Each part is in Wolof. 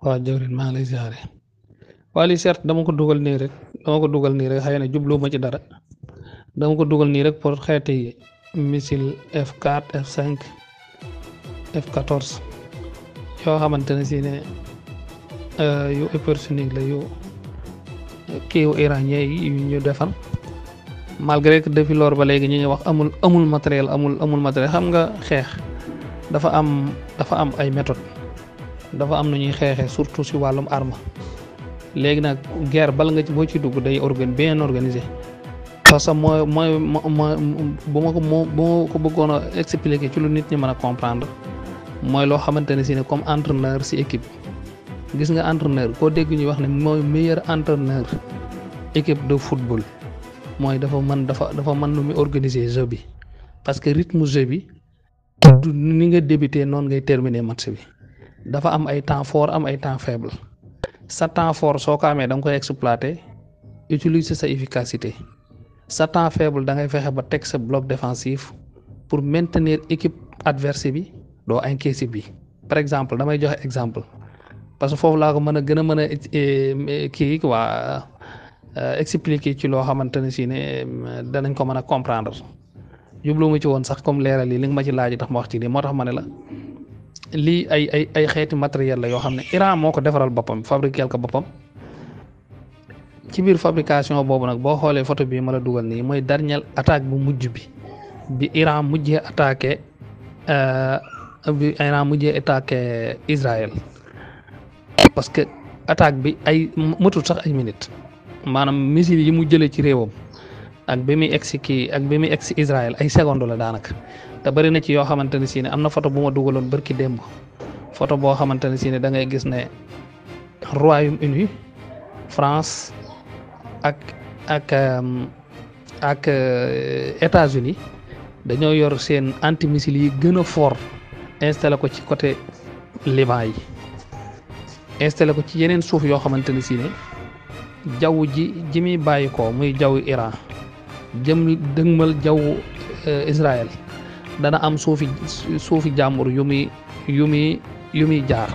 waaw jawrin maa ya, ngi lay ziare waa li certes dama ko dugal nii rek dama ko dugal nii rek xëy na ma ci dara dama ko dugal nii rek pour xeeti missile F4 F5 F14 yoo xamante ne si eh, eh, ne yu hypersonique la yu kii wu iranien yi yu ñu defar malgré que depuis lors ba léegi ñu ñu wax amul amul matériel amul amul matériel xam nga xeex dafa am dafa am ay méthode dafa am na ñuy xeexee surtout si wàllum arme léegi nag guerre bal nga boo ci dugg day organ bien organisé parce que mooy mooy mooy bu ma ko bu ma ko bëggoon a expliquer ci lu nit ñi mën a comprendre mooy loo xamante ne si ne comme entraîneur si équipe gis nga entraîneur koo dégg ñuy wax ne mooy meilleur entraîneur équipe de football mooy dafa mën dafa dafa mën nu muy organiser jeu bi parce que rythme jeu bi ni nga débuté noonu ngay terminer match bi. dafa am ay temps fort am ay temps faible sa temps fort soo ko amee da nga koy exploiter utiliser sa efficacité sa temps faible da ngay fexe ba teg sa bloc défensif pour maintenir équipe adverse bi doo encaisser bi par exemple damay jox exemple parce que foofu laa ko mën a gën a mën a eh, kii quoi euh, expliquer ci loo xamante ne si ne eh, danañ ko mën a comprendre jublu mu ci woon sax comme leeral yi li nga ma ci laaj tax ma wax ci nii moo tax ma ne la. lii ay ay ay xeeti matériel la yoo xam ne Iran moo ko defaral boppam fabriqué ko boppam ci biir fabrication boobu nag boo xoolee photo bii ma la dugal nii mooy dernière attaque bu mujj bi bi Iran mujjee attaqué euh, bi Iran mujjee attaqué parce que attaque bi ay mëtul sax ay minit maanaam missile yi mu jëlee ci réewam. ak bi muy egg ak bi muy egg si Israël ay seconde la daanaka te bëri na ci yoo xamante ne si am na photo bu ma dugaloon bërki démb photo boo xamante ne si ne gis ne Royaume-Uni ak ak euh, ak euh, dañoo yor seen antimissile yi gën a fort installé ko ci côté Liban yi installé ko ci yeneen suuf yoo xamante ne si ji ji muy bàyyi ko muy jaww Iran jëm dëgmal jaww eh, Israël dana am suufi suufi jàmbur yu muy yu muy yu muy jaar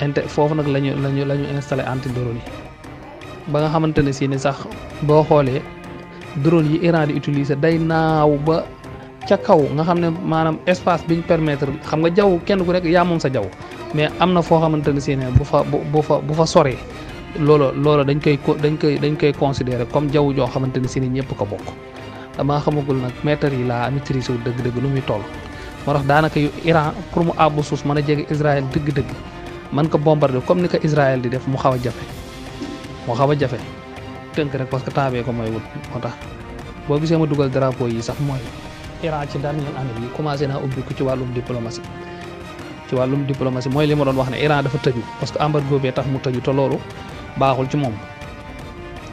inte foofu nag lañu lañu la installé anti drone ba nga xamante ne si sax boo xoolee drone yi Iran di utiliser day naaw ba ca kaw nga xam ne maanaam espace bi ñu permettre xam nga jaww kenn ku nekk yaa moom sa jaww mais am na foo xamante ne si bu fa bu fa bu fa soree lolo lolo dañ koy dañ koy dañ koy considérer comme jaw jo xamanteni ni si ni ko bokk dama xamagul nak maître yi la maîtriser deug deug lu muy toll mo tax danaka yu iran pour mu abou sous mën a israël deug deug man ko bombarder comme ni ko israël di def mu xawa jafé jafe mu xaw a jafe rek parce que tabé ko moy wut moo tax boo gisee ma duggal drapeau yi sax moy iran ci dañu ñaan yi commencé na ubbi ku ci walum diplomatie ci walum diplomatie moy li ma doon wax ne iran dafa tëju parce que embargo bee tax mu tëju te lolu baaxul ci moom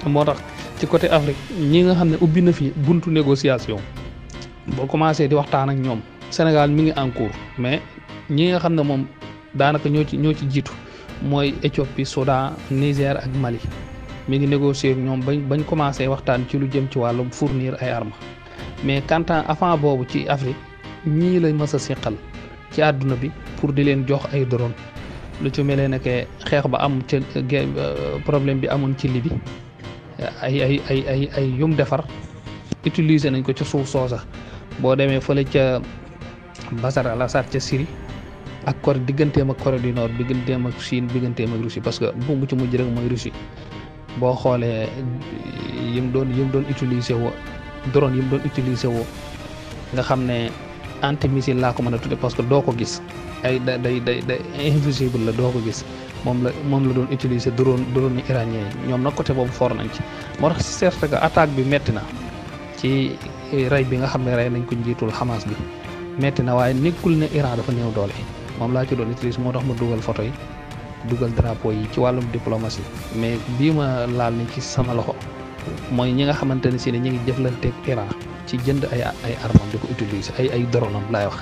moo tax ci côté Afrique ñi nga xam ne ubbi na fi buntu négociation boo commencé di waxtaan ak ñoom Sénégal mi ngi en mais ñi nga xam ne moom daanaka ñoo ci ñoo ci jiitu mooy Éthiopie soda Niger ak Mali mi ngi négocier ak ñoom bañ bañ commencé waxtaan ci lu jëm ci wàllum fournir ay arma mais quant avant boobu ci Afrique ñii lay mës a seqal ci àdduna bi pour di leen jox ay drone lu ci mel ne que xeex ba am ca problème bi amoon ci Libi ay ay ay ay ay yum defar utiliser nañ ko ca suuf soosa boo demee fële ca Bachar al-Assad ca Syrie ak Corée digganteem ak Corée du Nord digganteem ak Chine digganteem ak Russie parce que bu mu ci mujj rek mooy Russie boo xoolee yim doon yim doon utiliser woo drone yim doon utiliser woo nga xam ne. antimissile laa ko mën a tudde parce que doo ko gis ay day day day invisible la doo ko gis moom la moom la doon utiliser drone ni iranien yi ñoom nag côté boobu for nañ ci moo tax certes que attaque bi metti na ci eh, rey bi nga xam ne rey nañ ko njiitul Hamas bi metti na waaye nekkul ne Iran dafa néew doole moom laa ci doon utiliser moo tax ma dugal photo yi dugal drapeau yi ci wàllum diplomatie mais bii ma laal ni ci sama loxo mooy ñi nga xamante ne si ne ñu ngi jëflanteeg Iran ci jënd ay ay armam di ko utiliser ay ay laay wax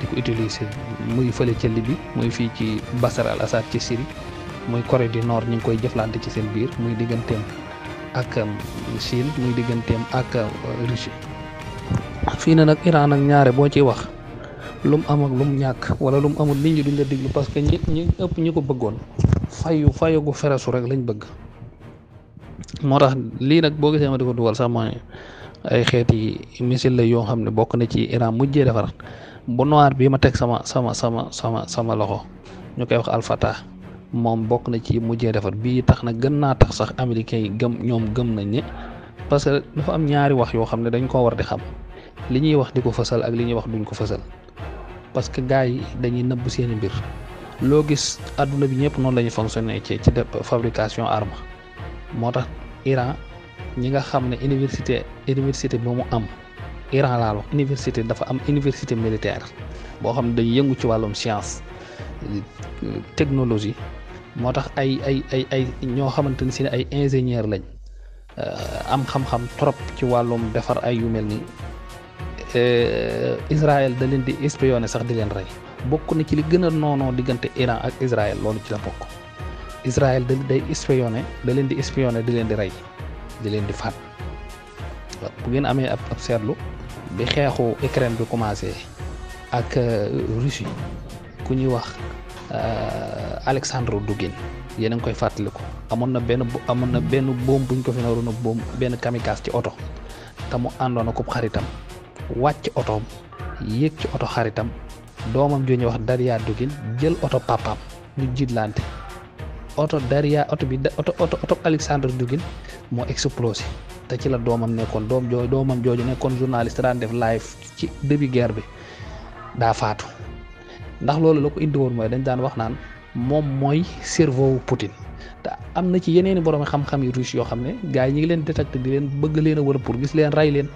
di ko utiliser muy fële ca Libye muy fii ci Bachar al-Assad ci Syrie muy Corée du Nord ñu ngi koy jëflante ci seen biir muy digganteem ak um, Chine muy digganteem ak um, Russie fii na nag Iran ak ñaare boo ci wax lu mu am ak lu mu ñàkk wala lu mu amul nit ñi duñ la diglu parce que ñi ëpp ñi ko bëggoon fayu fayu gu feresu rek lañ bëgg moo tax lii nag boo gisee ma di ko dugal sax mooy ay xeeti missile la yoo xam ne bokk na ci Iran mujjee defar bu noir bii ma teg sama sama sama sama sama loxo ñu koy wax al moom bokk na ci mujjee defar bi tax na gën naa tax sax américain yi gëm ñoom gëm nañ ne parce que dafa am ñaari wax yoo xam ne dañ ko war di xam li ñuy wax di ko fësal ak li ñuy wax duñ ko fësal parce que gars yi dañuy nëbb seeni mbir loo gis àdduna bi ñëpp noonu la ñuy ci ci fabrication arme moo Iran ñi nga xam ne université université bi mu am Iran laa université dafa am université militaire boo xam ne day yëngu ci wàllum science technologie moo tax ay ay ay ay ñoo xamante ne si ay ingénieur lañ euh, am xam-xam trop ci wàllum defar ay yu mel nii euh, Israël da leen di espionné sax di leen rey bokk na ci li gën a noonoo diggante Iran ak Israël loolu ci la bokk. Israël da day espionné da leen di espionné di leen di rey di leen di faat bu ngeen amee ab seetlu bi xeexu Ukraine bi commencé ak euh, Russie ku ñuy wax euh, Alexandre Dugin yéen a ngi koy fàttaliku amoon na benn na benn boom buñ ko fi naroon a boom benn kamikaze ci oto te mu àndoon ak xaritam wàcc otoom yéeg ci oto xaritam doomam ju ñuy wax Daria Dugin jël oto papaam ñu jiitlante oto derrière oto bi oto oto oto Alexandre Dugin moo explosé te ci la doomam nekkoon doom jooju doomam jooju nekkoon journaliste daan def live ci début bi daa faatu ndax loolu la ko indi woon mooy dañ daan wax naan moom mooy cerveau Poutine te am na ci yeneeni borom xam-xam yu russe yoo xam ne gars yi ñu ngi leen détecté di leen bëgg leen a wër pour gis leen rey leen.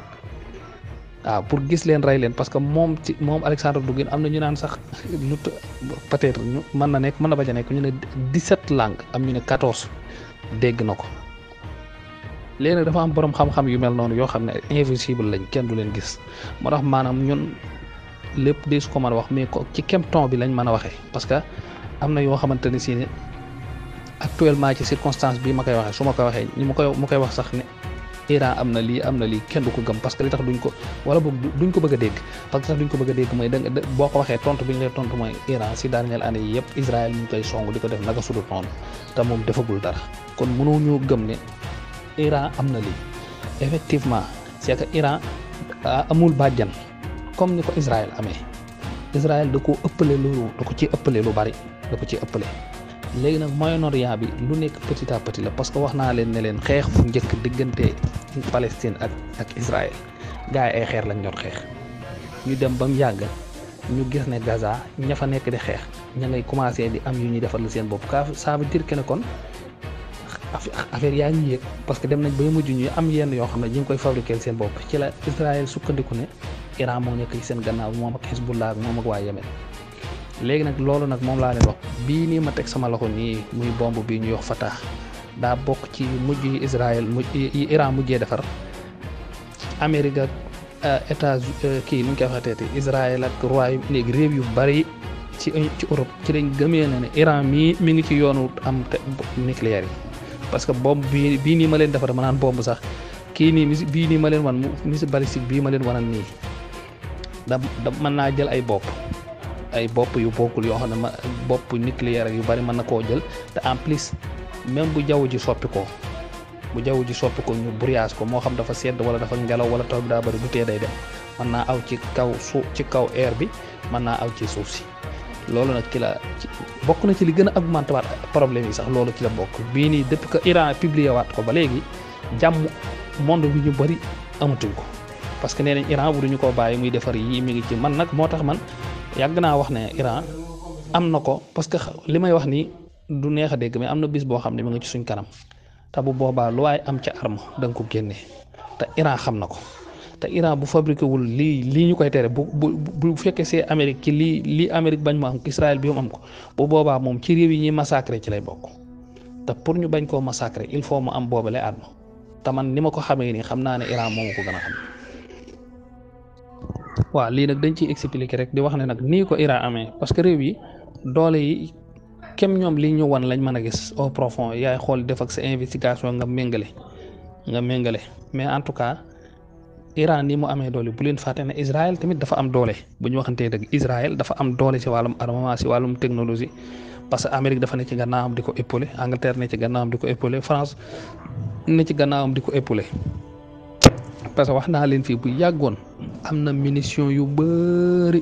waaw ah, pour gis leen rey leen parce que moom ci moom Alexandre Dugin am na ñu naan sax lu peut mën na nekk mën na bañ a nekk ñu ne 17 langues am ñu ne 14 dégg na ko léegi dafa am borom xam-xam yu mel noonu yoo xam ne invisible lañ kenn du leen gis moo tax maanaam ñun lépp de su ko mën a wax mais ko ci kem temps bi lañ mën a waxee parce que am na yoo xamante ne si ne ci circonstance bii ma koy waxee su ma koy waxee ñu ma koy ma koy wax sax ni era amna li kian li kenn du ko gëm parce que li tax duñ ko wala boog duñ ko bëgg dégg parce que tax duñ ko bëgg dégg moy da boko waxé tontu biñ lay tontu moy Iran si daniel année yépp Israël ñu koy songu di def naka sudul noonu te moom defagul dara kon mënoo ñu gëm né Iran amna li effectivement c'est que Iran amul badjan comme niko ko Israël amé Israël da ko ëppale loolu ko ci ëppalé lu bari da ko ci ëppalé léegi nag moyen-orient bi lu nekk petit à petit la parce que wax naa leen ne leen xeex fu njëkk diggante Palestine ak ak Israël gars yi ay xeer lañ doon xeex ñu dem ba mu yàgg ñu gis ne Gaza ña fa nekk di xeex ña ngay commencé di am yu ñu defal la seen bopp ka ça veut dire que ne kon affaire yaa ngi yéeg parce que dem nañ bay mujj ñuy am yenn yoo xam ne ñu ngi koy fabriquer seen bopp ci la Israël sukkandiku ne Iran moo nekk ci seen gannaaw moom ak Hezbollah moom ak waa Yemen léegi nag loolu nag moom laa leen wax bii nii ma teg sama loxo nii muy bomb bii ñuy wax Fatah daa bokk ci mujj yi Israël mujj yi Iran mujjee defar Amérique ak euh, états euh, kii nu ñu koy waxeeteeti Israël ak royaume léegi réew yu bari ci ci Europe ci lañ gëmee na ne Iran mii mi ngi ci yoonu am te nucléaire yi parce que bomb bii bii nii ma leen defar ma naan bomb sax kii nii mis bii nii ma leen wan missile balistique bii ma leen wanan nii da da mën naa jël ay bopp. ay bop yu yo xamna bop nit li yar ak yu bari man nako jël te en plus même bu jaww ji soppi ko bu jaww ji soppi ko ñu brouillage ko mo xam dafa sedd wala dafa ngelaw wala tok da bari bu tee day dem man na aw ci kaw su ci kaw air bi man na aw ci suuf si lolu nak ci la bok. na ci li gëna augmenté waat problème yi sax lolu ci la bok bi ni depuis que Iran publié wat ko ba légui jam monde bi ñu bari amatu ko parce que nee Iran bu duñu ko baye muy defar yi mi ngi ci man nak motax man yàgg naa wax ne Iran am na ko parce que li may wax nii du neex a dégg mais am na bis boo xam ne mi nga ci suñ kanam te bu boobaa lu waaye am ca arme da ko génnee te Iran xam na ko te Iran bu fabriqué wul lii lii ñu koy tere bu bu bu fekkee see Amérique ki lii lii Amérique bañ mu am Israël bi mu am ko bu boobaa moom ci réew yi ñuy massacré ci lay bokk te pour ñu bañ koo massacré il faut mu am boobale arme te man ni ma ko xamee nii xam naa ne Iran moomu ko a waaw lii nag dañ ci expliquer rek di wax ne nag nii ko Iran amee parce que réew yi doole yi kem ñoom li ñu wan lañ mën a gis au profond yaay xool def ak sa investigation nga méngale nga méngale mais en tout cas Iran ni mu amee doole bu leen fàtte ne Israël tamit dafa am doole bu ñu waxantee dëgg Israël dafa doole ci wàllum armement ci wàllum technologie parce que Amérique dafa ne ci gannaawam di ko épaulé Angleterre ne ci gannaawam di ko épaulé France ne ci gannaawam di ko épaulé parce que wax naa leen fii bu yàggoon. am na munition yu bëri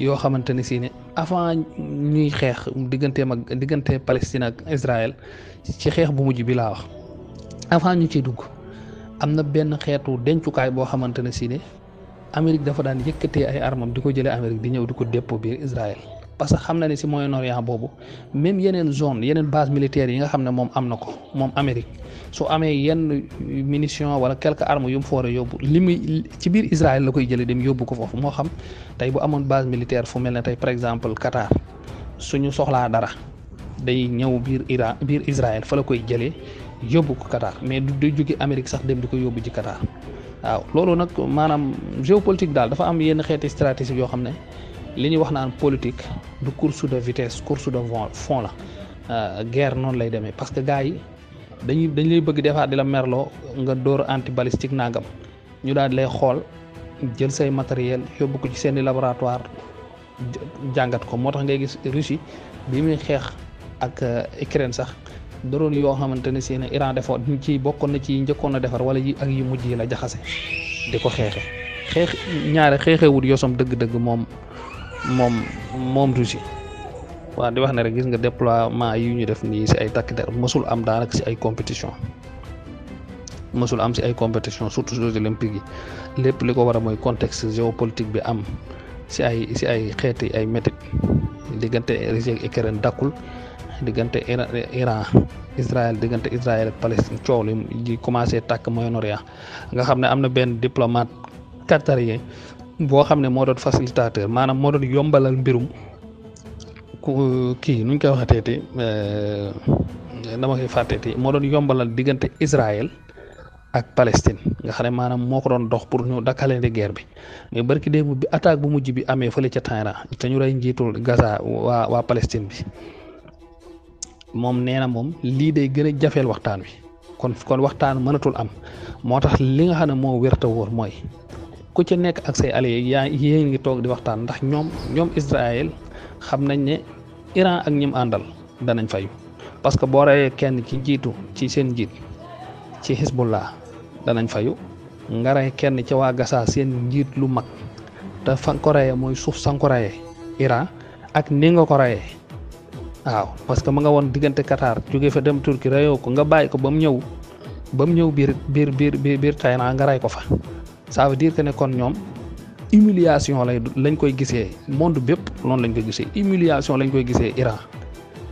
yoo xamante ne si ne avant ñuy xeex digganteem mag diggante Palestine ak Israël ci xeex bu mujj bi laa wax avant ñu ciy dugg am na benn xeetu dencukaay boo xamante ne si ne Amérique dafa daan yëkkatee ay armam di ko jëlee Amérique di ñëw di ko dépôt biir Israël. parce que xam na ne si Moyen-Orient boobu même yeneen zone yeneen base militaire yi nga xam ne moom am na ko moom Amérique su amee yenn munition wala quelques armes yu mu foore yóbbu li muy ci biir Israël la koy jëlee dem yóbbu ko foofu moo xam tey bu amoon base militaire fu mel ne tey par exemple Qatar suñu soxlaa dara day ñëw biir Iran biir Israël fa la koy jëlee yóbbu ko Qatar mais du day jóge Amérique sax dem di ko yóbbu ci Qatar waaw loolu nag maanaam géopolitique daal dafa am yenn xeeti stratégie yoo xam ne. li ñuy wax naan politique du course de vitesse course de fond la euh, ger noonu lay demee parce que gars yi dañuy dañ lay bëgg defaat di la merloo nga dóor anti balistique nangam ñu daal di lay xool jël say matériel yóbbu ko ci seeni laboratoire jàngat ko moo tax ngay gis Russie bi muy xeex ak euh, Ukraine sax doroon yoo xamante ne si ne Iran defoo ci bokkoon na ci njëkkoon a defar wala yi ak yu mujj yi la jaxase di ko xeexe xeex ñaare xeexewut yosom dëgg-dëgg moom moom moom du si waaw na ne rek gis nga déploiement yi ñu def nii si ay takk der mësul am daanaka si ay compétition mësul am si ay compétition surtout jeux olympiques yi lépp li ko war a mooy contexte géopolitique bi am si ay si ay xeeti ay métit diggante Russie ak Ukraine dakkul diggante Iran Israël diggante Israël ak Palestine coow li di commencé tàkk moyen nga xam ne am na benn diplomate qatarien boo xam ne moo doon facilitateur maanaam moo doon yombalal mbirum kii nuñ koy waxateeti eh, dama koy fàtteeti moo doon yombalal diggante Israël ak Palestine nga xam ne maanaam moo ko doon dox pour ñu dakkale di guerre bi mais barki bi attaque bu mujj bi amee fële ca Tahran te ñu rey njiitul Gaza waa waa Palestine bi moom nee na moom lii day gën a jafeel waxtaan wi kon kon waxtaan mënatul am moo tax li nga xam ne moo wér te mooy. ku ci nekk ak say alliés yaa yéen ngi toog di waxtaan ndax ñoom ñoom Israël xam nañ ne Iran ak ñim àndal danañ fayu parce que boo reyee kenn ci njiitu ci seen njiit ci Hezbollah danañ fayu nga kenn ci waa Gaza seen njiit lu mag te fa ko reyee mooy suuf sa nga ko Iran ak ni nga ko reyee waaw parce que ma nga woon diggante Qatar jóge fa dem turki reyoo ko nga bàyyi ko ba mu ñëw ba mu ñëw biir biir biir biir biir naa nga ko fa. ça veut dire que ne kon ñoom humiliation lay lañ koy gisee monde bépp noonu lañ koy gisee humiliation lañ koy gisee Iran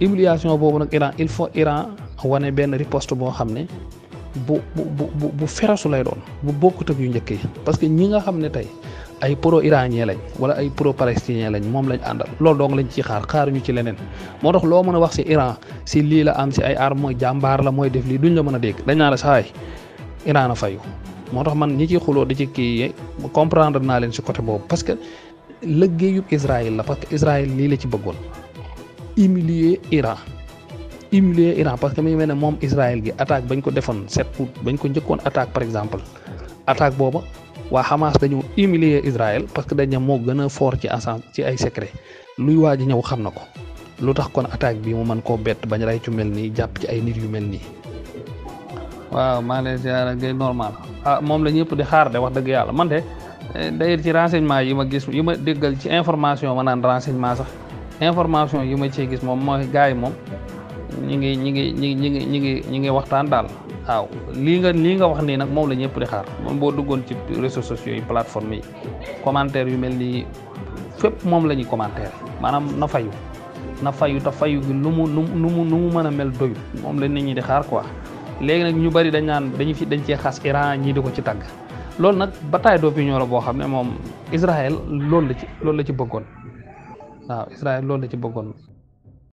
humiliation boobu nag Iran il faut Iran wane benn riposte boo xam ne bu bu bu bu ferasu lay doon bu bokkut ak yu njëkk yi parce que ñi nga xam ne tey ay pro iranien lañ wala ay pro palestinien lañ moom lañ àndal loolu dong lañ ciy xaar xaaruñu ci leneen moo tax loo mën a wax si Iran si lii la am si ay armes mooy jàmbaar la mooy def lii duñ la mën a dégg dañ naa la saay moo tax man ñi ci xuloo di ci kii comprendre naa leen si côté boobu parce que liggéeyub Israël la parce que Israël lii la ci bëggoon humilier Iran humilier Iran parce que mi ngi mel ne moom Israël gi attaque bañ ko defoon sept août bañ ko njëkkoon attaque par exemple attaque booba waa Hamas dañu umilier Israël parce que dañ ne moo gën a fort ci ensemble ci ay secret luy waaj a ñëw xam na ko lu tax kon attaque bii mu mën koo bett bañ rey ci mel nii jàpp ci ay nit yu mel nii. waaw maa ngi lay normal ah moom la ñëpp di xaar de wax dëgg yàlla man de eh, d'ailleurs ci renseignement yi ma gis yi ma déggal ci information ma naan renseignement sax information yi ma cee gis moom mooy gars yi moom ñi ngi ñi ngi ñi ñi ngi ñi ngi ñi ngi waxtaan daal waaw lii nga lii nga wax nii nag moom la ñëpp di xaar moom boo duggoon ci réseaux sociaux yi plateforme yi commentaire yu mel nii fépp moom la ñuy commentaire maanaam na fayu na fayu te fayu gi lu mu lu mu lu mu mën a mel doyu moom la nit ñi di xaar quoi léegi nag ñu bari dañ naan dañu fi dañ cee xas Iran ñii di ko ci tàgg loolu nag bataille d'opinion la boo xam ne moom Israël loolu la ci loolu la ci bëggoon waaw Israël loolu la ci bëggoon